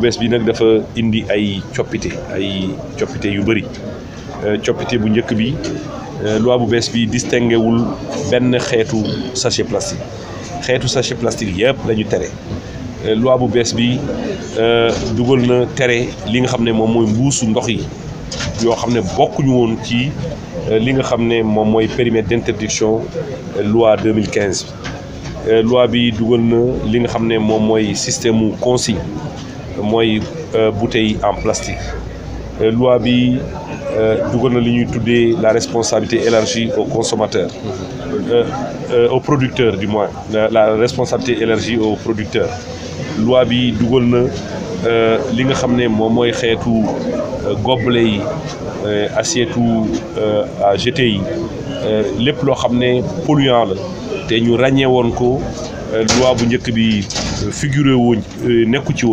bu bi nak dafa indi ay chopité, ay chopité yu bëri euh, coppite bu ñëk bi euh, loi bu bees bi distingué wul ben xeetu sachet plastique xeetu sachet plastique yépp lañu téré euh, loi bu bees bi dugul na téré li nga xamné ne moy mbusu mbuusu ndox yi yo xamné ne bokkuñu won ci li nga xamné ne moy périmètre d'interdiction loi 2015 loi bi dugul na li nga xamné ne moy système consigne moy euh, bouteille en plastique euh, loi bi euh, dugal la responsabilité élargie aux consommateurs aux producteurs du moins la responsabilité élargie aux producteurs loi bi dugal na li nga xamné mom moy xétu gobelet yi assiette à jeter yi lepp lo xamné polluant la té ñu ragné ko loi bu njëkk bi figure ou nekku ci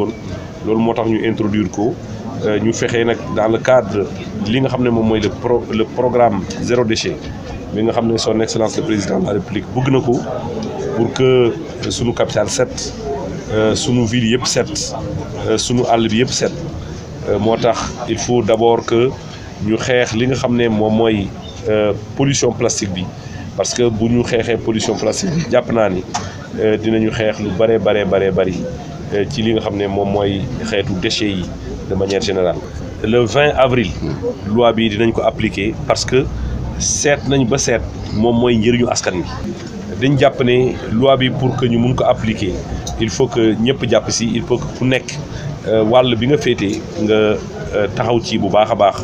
loolu moo tax ñu introduire ko euh, ñu fexe nag dans le cadre li nga xam ne moom mooy le pro le programme zéro déchet bi nga xam ne son excellence le président de la république bëgg na ko pour que euh, sunu capital set euh, sunu ville yëpp set sunu àll bi yëpp set moo tax il faut d'abord que ñu xeex li nga xam ne moom mooy pollution plastique bi parce que bu ñu xeexee pollution plastique bi jàpp naa ni dinañu xeex lu bare bare bare bari euh, ci li nga xamné mom moy xétu déchets yi de manière générale. le 20 avril. loi bi dinañ ko appliquer parce que set nañ ba set mom moy ñëriñu askan bi dañ japp né loi bi pour que ñu mun ko appliquer il faut que ñëpp japp ci il faut que ku nekk euh, wàll bi nga fété nga euh, taxaw ci bu baaxa baax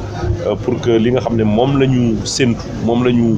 pour que li nga xamné mom lañu la mom lañu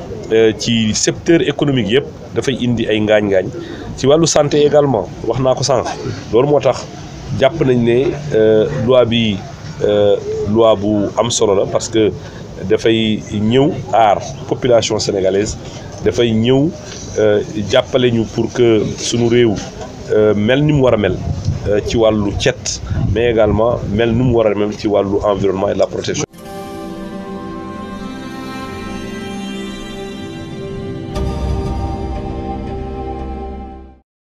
Euh, ci secteur économique yëpp dafay indi ay ngaañ ci walu santé également wax naa ko sànq loolu moo tax nañ ne euh, loi bi euh, loi bu am solo la parce que dafay ñew ar population sénégalaise dafay ñew jàppale ñu pour que sunu réew mel ni mu wara mel ci walu ciet mais également mel ni mu wara mel ci walu environnement et la protection